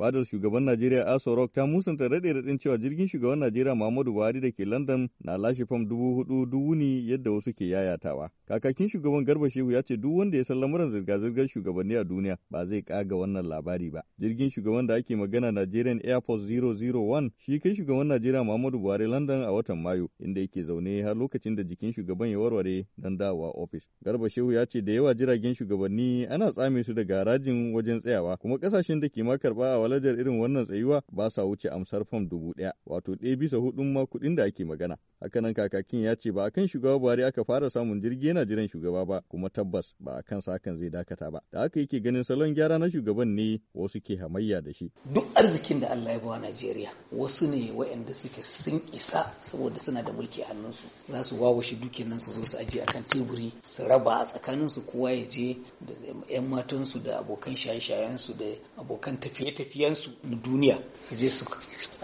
Fadar shugaban Najeriya Aso Rock ta musanta daɗe daɗin cewa jirgin shugaban Najeriya Muhammadu Buhari da ke London na lashe fam dubu hudu dubu ne yadda wasu ke yayatawa. Kakakin shugaban Garba Shehu ya ce duk wanda ya san lamuran zirga-zirgar shugabanni a duniya ba zai kaga wannan labari ba. Jirgin shugaban da ake magana Nigerian air Airport 001 shi kai shugaban Najeriya Muhammadu Buhari London a watan Mayu inda yake zaune har lokacin da jikin shugaban ya warware don dawowa ofis. Garba Shehu ya ce da yawa jiragen shugabanni ana tsame su daga harajin wajen tsayawa kuma kasashen da ke ma karɓa a walajar irin wannan tsayuwa ba sa wuce amsar fam dubu ɗaya wato ɗaya bisa hudun ma kuɗin da ake magana Hakanan kakakin ya ce ba a kan shugaba Buhari aka fara samun jirgi yana jiran shugaba ba kuma tabbas ba a kansa hakan zai dakata ba. Da haka yake ganin salon gyara na shugaban ne wasu ke hamayya da shi. Duk arzikin da Allah ya bawa Najeriya wasu ne wa'anda suke sun isa saboda suna da mulki a hannunsu za su wawashe dukiyar nan su zo su ajiye akan teburi su raba a su kowa ya je da 'yan matansu da abokan shaye shayen su da abokan tafiye-tafiyensu na duniya su je su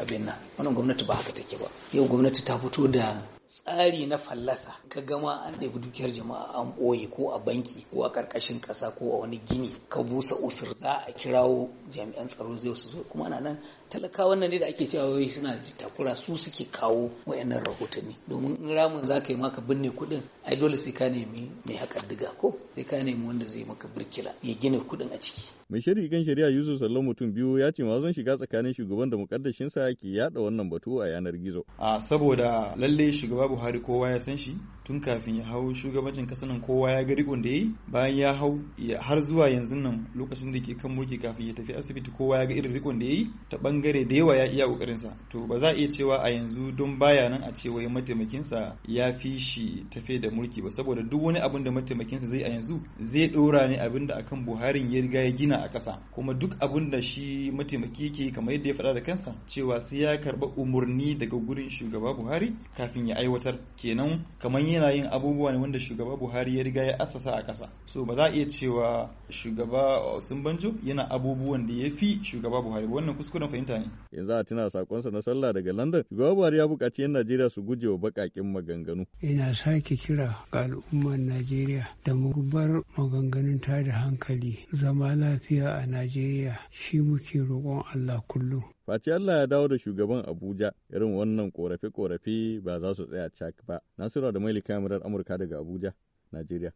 abin nan wannan gwamnati ba haka take ba yau gwamnati ta fito da trabalhar tsari na fallasa ka gama an ɗebi dukiyar jama'a an ɓoye ko a banki ko a ƙarƙashin ƙasa ko a wani gini ka busa usur za a kirawo jami'an tsaro zai su zo kuma ana nan talakawan nan ne da ake cewa suna takura su suke kawo wayannan rahotanni domin in ramin za ka yi maka binne kuɗin ai dole sai ka nemi mai haƙar diga ko sai ka nemi wanda zai maka birkila ya gina kuɗin a ciki. mai shirin kan shari'a yusuf sallon mutum biyu ya ce mazan shiga tsakanin shugaban da mukaddashinsa ke yada wannan batu a yanar gizo. a saboda lalle shugaban shugaba buhari kowa ya san shi tun kafin ya hau shugabancin kasar nan kowa ya ga rikon da ya yi bayan ya hau har zuwa yanzu nan lokacin da ke kan mulki kafin ya tafi asibiti kowa ya ga irin rikon da ya yi ta bangare da yawa ya iya kokarinsa to ba za a iya cewa a yanzu don baya nan a ce wai mataimakinsa ya fi shi tafe da mulki ba saboda duk wani abin da mataimakin sa zai a yanzu zai dora ne abin da akan buhari ya riga ya gina a ƙasa kuma duk abin da shi mataimaki yake kamar yadda ya faɗa da kansa cewa sai ya karɓa umarni daga gurin shugaba buhari kafin ya aiwatar kenan kamar yana yin abubuwa ne wanda shugaba buhari ya riga ya asasa a kasa. so ba za a iya cewa shugaba osun banjo yana abubuwan da ya fi shugaba buhari ba wannan kuskuren fahimta ne yanzu a tuna sakonsa na sallah daga london shugaba buhari ya buƙaci yan najeriya su guje wa baƙaƙen maganganu ina sake kira ga al'ummar najeriya da mu bar maganganun tada hankali zama lafiya a najeriya shi muke roƙon allah kullum Faci Allah ya dawo da shugaban Abuja irin wannan korafe-korafe ba za su tsaya cak ba. Nasiru da Mailika Murar Amurka daga Abuja, Najeriya.